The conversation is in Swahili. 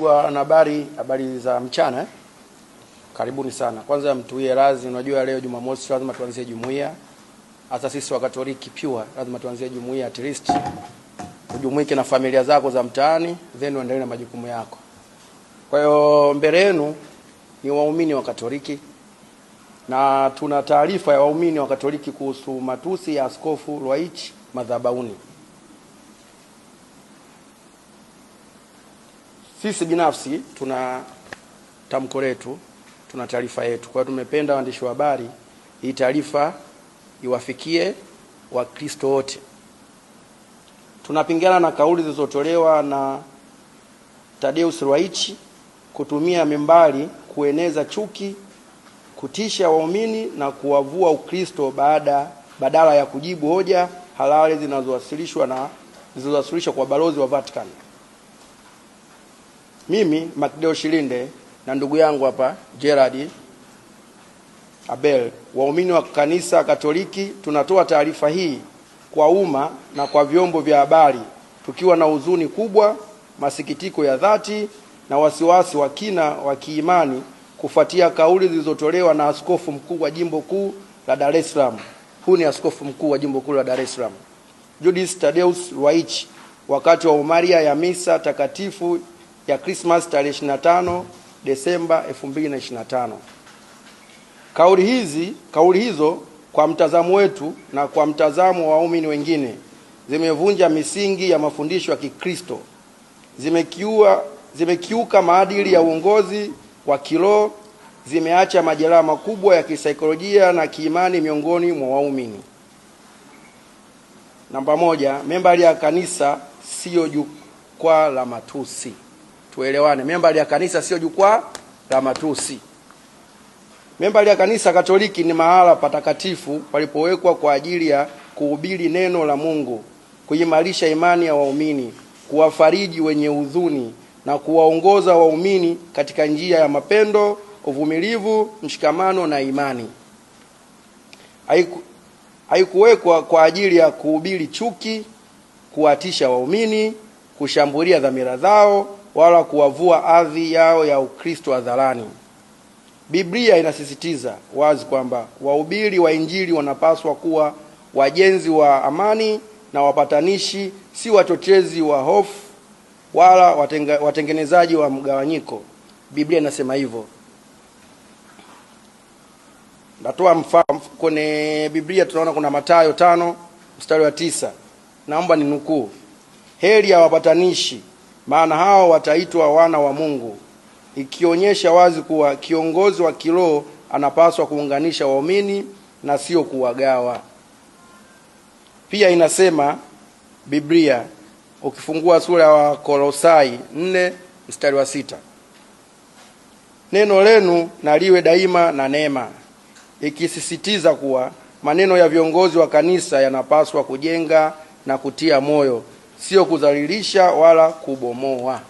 Ndugu na habari za mchana, karibuni sana. Kwanza mtuie razi unajua leo Jumamosi lazima tuanzie jumuiya, hasa sisi wa Katoliki lazima tuanzie jumuiya, at least ujumuike na familia zako za mtaani, then uendelee na majukumu yako. Kwa hiyo mbele yenu ni waumini wa Katoliki na tuna taarifa ya waumini wa Katoliki kuhusu matusi ya Askofu Ruwa'ichi madhabauni Sisi binafsi tuna tamko letu, tuna taarifa yetu. Kwa hiyo tumependa waandishi wa habari, hii taarifa iwafikie Wakristo wote. Tunapingana na kauli zilizotolewa na tadeus Ruwaichi kutumia mimbari kueneza chuki, kutisha waumini na kuwavua Ukristo baada badala ya kujibu hoja halali zinazowasilishwa na zilizowasilishwa kwa balozi wa Vatican. Mimi Matdeo Shilinde na ndugu yangu hapa Gerard Abel, waumini wa kanisa Katoliki, tunatoa taarifa hii kwa umma na kwa vyombo vya habari tukiwa na huzuni kubwa, masikitiko ya dhati na wasiwasi wa kina wa kiimani kufuatia kauli zilizotolewa na askofu mkuu wa jimbo kuu la Dar es Salaam. Huu ni askofu mkuu wa jimbo kuu la Dar es Salaam Judice Tadeus Ruwa'ichi wakati wa umaria ya misa takatifu ya Christmas tarehe 25 Desemba 2025. Kauli hizi kauli hizo kwa mtazamo wetu na kwa mtazamo wa waumini wengine zimevunja misingi ya mafundisho ya Kikristo, zimekiua zimekiuka maadili ya uongozi wa kiroho, zimeacha majeraha makubwa ya kisaikolojia na kiimani miongoni mwa waumini. Namba moja, membari ya kanisa siyo jukwaa la matusi tuelewane. Membari ya kanisa sio jukwaa la matusi. Membari ya kanisa Katoliki ni mahala patakatifu palipowekwa kwa ajili ya kuhubiri neno la Mungu, kuimarisha imani ya waumini, kuwafariji wenye huzuni na kuwaongoza waumini katika njia ya mapendo, uvumilivu, mshikamano na imani. Haiku, haikuwekwa kwa ajili ya kuhubiri chuki, kuwatisha waumini, kushambulia dhamira zao wala kuwavua ardhi yao ya Ukristo hadharani. Biblia inasisitiza wazi kwamba wahubiri wa Injili wanapaswa kuwa wajenzi wa amani na wapatanishi, si wachochezi wa hofu wala watenga, watengenezaji wa mgawanyiko. Biblia inasema hivyo. Natoa mfano kwenye Biblia, tunaona kuna Mathayo tano mstari wa tisa. Naomba ninukuu: heri ya wapatanishi, maana hao wataitwa wana wa Mungu, ikionyesha wazi kuwa kiongozi wa kiroho anapaswa kuunganisha waumini na sio kuwagawa. Pia inasema Biblia ukifungua sura ya Wakolosai 4 mstari wa sita neno lenu na liwe daima na neema, ikisisitiza kuwa maneno ya viongozi wa kanisa yanapaswa kujenga na kutia moyo sio kudhalilisha wala kubomoa.